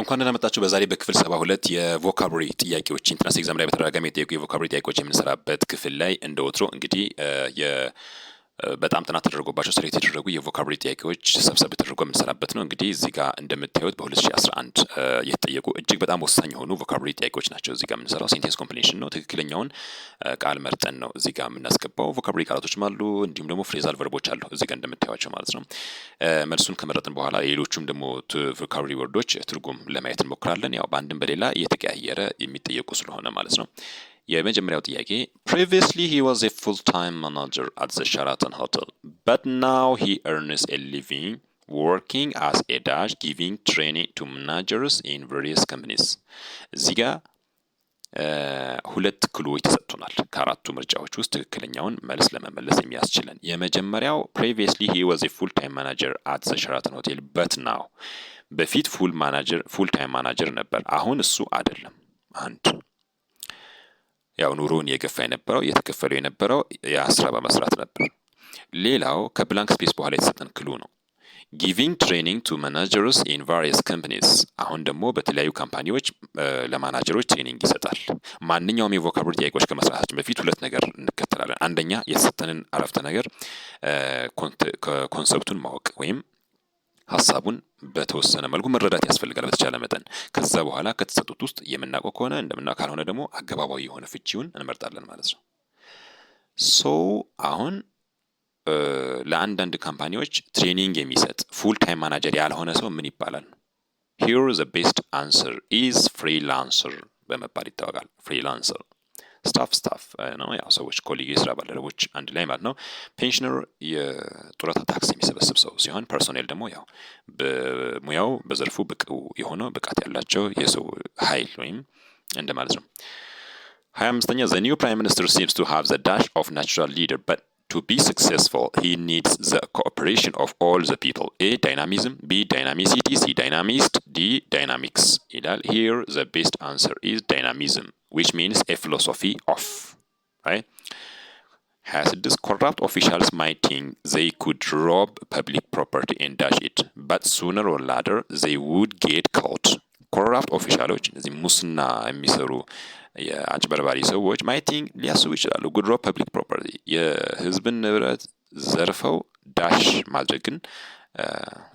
እንኳን ደህና መጣችሁ። በዛሬ በክፍል ሰባ ሁለት የቮካብሪ ጥያቄዎች ኢንትራንስ ኤግዛም ላይ በተደጋጋሚ የጠየቁ የቮካብሪ ጥያቄዎች የምንሰራበት ክፍል ላይ እንደ ወትሮ እንግዲህ በጣም ጥናት ተደርጎባቸው ስሬት የተደረጉ የቮካብሪ ጥያቄዎች ሰብሰብ ተደርጎ የምንሰራበት ነው። እንግዲህ እዚህ ጋር እንደምታዩት በ2011 የተጠየቁ እጅግ በጣም ወሳኝ የሆኑ ቮካብሪ ጥያቄዎች ናቸው። እዚህ ጋር የምንሰራው ሴንቴንስ ኮምፕሌሽን ነው። ትክክለኛውን ቃል መርጠን ነው እዚህ ጋር የምናስገባው። ቮካብሪ ቃላቶችም አሉ፣ እንዲሁም ደግሞ ፍሬዛል ቨርቦች አሉ እዚህ ጋር እንደምታዩቸው ማለት ነው። መልሱን ከመረጥን በኋላ ሌሎቹም ደግሞ ቮካብሪ ወርዶች ትርጉም ለማየት እንሞክራለን። ያው በአንድም በሌላ እየተቀያየረ የሚጠየቁ ስለሆነ ማለት ነው። የመጀመሪያው ጥያቄ ፕሪቪየስሊ ሂ ዋዝ ኤ ፉል ታይም ማናጀር አት ዘ ሸራተን ሆቴል በት ናው ሂ ኤርንስ ኤ ሊቪንግ ወርኪንግ አስ ኤ ዳሽ ጊቪንግ ትሬኒንግ ቱ ማናጀርስ ኢን ቬሪየስ ካምፓኒስ እዚህ ጋር ሁለት ክሉዎች ተሰጥቶናል። ከአራቱ ምርጫዎች ውስጥ ትክክለኛውን መልስ ለመመለስ የሚያስችለን የመጀመሪያው ፕሪቪየስሊ ሂ ዋዝ ፉል ታይም ማናጀር አት ዘ ሸራተን ሆቴል በት ናው በፊት ፉል ማናጀር ፉል ታይም ማናጀር ነበር፣ አሁን እሱ አይደለም። አንድ ያው ኑሮን እየገፋ የነበረው እየተከፈለው የነበረው የአስራ በመስራት ነበር። ሌላው ከብላንክ ስፔስ በኋላ የተሰጠን ክሉ ነው ጊቪንግ ትሬኒንግ ቱ ማናጀርስ ኢን ቫሪየስ ካምፓኒስ። አሁን ደግሞ በተለያዩ ካምፓኒዎች ለማናጀሮች ትሬኒንግ ይሰጣል። ማንኛውም የቮካብሪ ጥያቄዎች ከመስራታችን በፊት ሁለት ነገር እንከተላለን። አንደኛ የተሰጠንን አረፍተ ነገር ኮንሰፕቱን ማወቅ ወይም ሀሳቡን በተወሰነ መልኩ መረዳት ያስፈልጋል በተቻለ መጠን። ከዛ በኋላ ከተሰጡት ውስጥ የምናውቀው ከሆነ እንደምና ካልሆነ ደግሞ አገባባዊ የሆነ ፍቺውን እንመርጣለን ማለት ነው። ሶ አሁን ለአንዳንድ ካምፓኒዎች ትሬኒንግ የሚሰጥ ፉል ታይም ማናጀር ያልሆነ ሰው ምን ይባላል? ሂር ዘ ቤስት አንሰር ኢዝ ፍሪላንሰር በመባል ይታወቃል። ፍሪላንሰር ስታፍ ስታፍ ነው ያው ሰዎች ኮሊግ የስራ ባልደረቦች አንድ ላይ ማለት ነው። ፔንሽነር የጡረታ ታክስ የሚሰበስብ ሰው ሲሆን ፐርሶኔል ደግሞ ያው በሙያው በዘርፉ ብቁ የሆነ ብቃት ያላቸው የሰው ኃይል ወይም እንደማለት ነው። ሀያ አምስተኛ ዘ ኒው ፕራይም ሚኒስትር ሲምስ ቱ ሃቭ ዘ ዳሽ ኦፍ ናቹራል ሊደር በት ቱ ቢ ስክሴስፉል ሂ ኒድስ ዘ ኮኦፕሬሽን ኦፍ ኦል ዘ ፒፕል ኤ ዳይናሚዝም ቢ ዳይናሚሲቲ ሲ ዳይናሚስት ዲ ዳይናሚክስ ይላል። ሂር ዘ ቤስት አንሰር ኢዝ ዳይናሚዝም ዊች ሚንስ ኤ ፊሎሶፊ ኦፍ ራይት 26 corrupt officials might think they could rob public property and dash it but sooner or later they would get caught corrupt officials እነዚህ ሙስና የሚሰሩ የአጭበርባሪ ሰዎች ማይቲንግ ሊያስቡ ይችላሉ ጉድ ሮብ ፐብሊክ ፕሮፐርቲ የህዝብን ንብረት ዘርፈው ዳሽ ማድረግን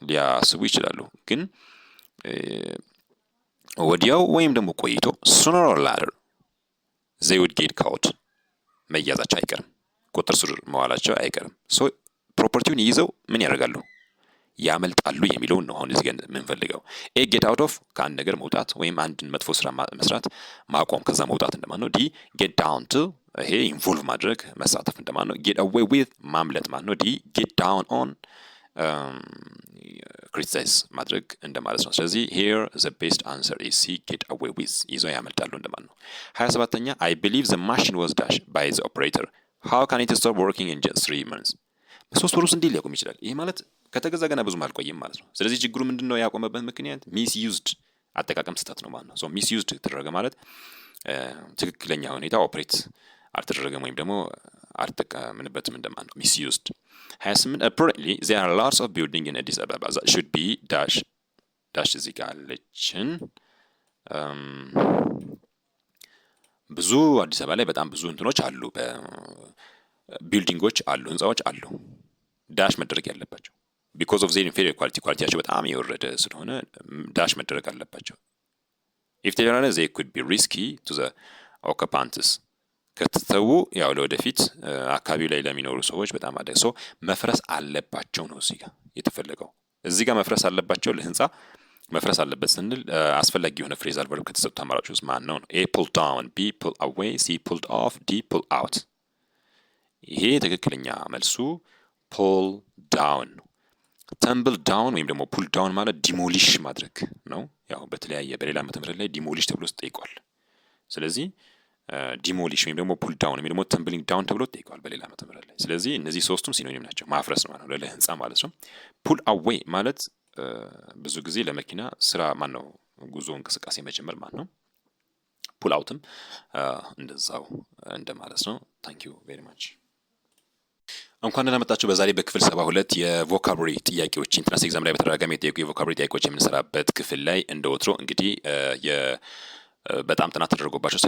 ሊያስቡ ይችላሉ ግን ወዲያው ወይም ደግሞ ቆይቶ ሱነር ኦር ላተር ዘይ ውድ ጌት ካውድ መያዛቸው አይቀርም፣ ቁጥር ስር መዋላቸው አይቀርም። ሶ ፕሮፐርቲውን ይዘው ምን ያደርጋሉ? ያመልጣሉ የሚለውን ነው አሁን እዚህ ጋር የምንፈልገው። ኤ ጌት አውት ኦፍ ከአንድ ነገር መውጣት ወይም አንድን መጥፎ ስራ መስራት ማቆም፣ ከዛ መውጣት እንደማን ነው። ዲ ጌት ዳውን ቱ ይሄ ኢንቮልቭ ማድረግ መሳተፍ እንደማን ነው። ጌት አዌይ ዊዝ ማምለጥ ማለት ነው። ዲ ጌት ዳውን ኦን ክሪቲሳይዝ um, ማድረግ እንደማለት ነው። ስለዚህ ሄር ዘ ቤስት አንሰር ኢዝ ሲ ጌት አዌይ ዊዝ ይዘው ያመልጣሉ እንደማለት ነው። ሀያ ሰባተኛ አይ ቢሊቭ ዘ ማሽን ወዝ ዳሽ ባይ ዘ ኦፕሬተር ሃው ካን ኢት ስቶፕ ወርኪንግ ኢን ጀስት ትሪ መንስ በሶስት ወር ውስጥ እንዴት ሊያቆም ይችላል? ይህ ማለት ከተገዛ ገና ብዙም አልቆይም ማለት ነው። ስለዚህ ችግሩ ምንድን ነው? ያቆመበት ምክንያት ሚስ ዩዝድ አጠቃቀም ስህተት ነው ማለት ነው። ሚስ ዩዝድ ተደረገ ማለት ትክክለኛ ሁኔታ ኦፕሬት አልተደረገም ወይም ደግሞ አልተጠቀምንበትም እንደማለት ነው። ሚስ ዩዝድ 28 apparently there are lots of building in አዲስ አበባ that should be ዳሽ ዳሽ እዚህ ጋር አለችን። ብዙ አዲስ አበባ ላይ በጣም ብዙ እንትኖች አሉ፣ ቢልዲንጎች አሉ፣ ህንፃዎች አሉ ዳሽ መደረግ ያለባቸው ቢኮዝ ኦፍ ዜር ኢንፌሪየር ኳሊቲ ኳሊቲያቸው በጣም የወረደ ስለሆነ ዳሽ መደረግ አለባቸው። ኢፍ ተጀራነ ዘይ ኩድ ቢ ሪስኪ ቱ ዘ ኦካፓንትስ ከተተዉ ያው ለወደፊት አካባቢው ላይ ለሚኖሩ ሰዎች በጣም አደ ሰው መፍረስ አለባቸው ነው እዚህ ጋር የተፈለገው። እዚህ ጋር መፍረስ አለባቸው ለህንፃ መፍረስ አለበት ስንል አስፈላጊ የሆነ ፍሬዝ ቨርብ ከተሰጡት አማራጮች ውስጥ ማን ነው? ኤ ፑል ዳውን፣ ቢ ፑል አዌይ፣ ሲ ፑል ኦፍ፣ ዲ ፑል አውት። ይሄ ትክክለኛ መልሱ ፑል ዳውን ነው። ተምብል ዳውን ወይም ደግሞ ፑል ዳውን ማለት ዲሞሊሽ ማድረግ ነው። ያው በተለያየ በሌላ መተምህረት ላይ ዲሞሊሽ ተብሎ ተጠይቋል። ስለዚህ ዲሞሊሽ ወይም ደግሞ ፑል ዳውን ወይም ደግሞ ተምብሊንግ ዳውን ተብሎ ተጠይቀዋል በሌላ ዓመተ ምህረት ላይ። ስለዚህ እነዚህ ሶስቱም ሲኖኒም ናቸው፣ ማፍረስ ማለት ነው ለህንፃ ማለት ነው። ፑል አዌይ ማለት ብዙ ጊዜ ለመኪና ስራ ማን ነው ጉዞ እንቅስቃሴ መጀመር ማለት ነው። ፑል አውትም እንደዛው እንደማለት ነው። ታንክ ዩ ቬሪ ማች። እንኳን ደህና መጣችሁ። በዛሬ በክፍል ሰባ ሁለት የቮካብሪ ጥያቄዎች ኢንትራንስ ኤግዛም ላይ በተደጋጋሚ የጠየቁ የቮካብሪ ጥያቄዎች የምንሰራበት ክፍል ላይ እንደ ወትሮ እንግዲህ በጣም ጥናት ተደርጎባቸው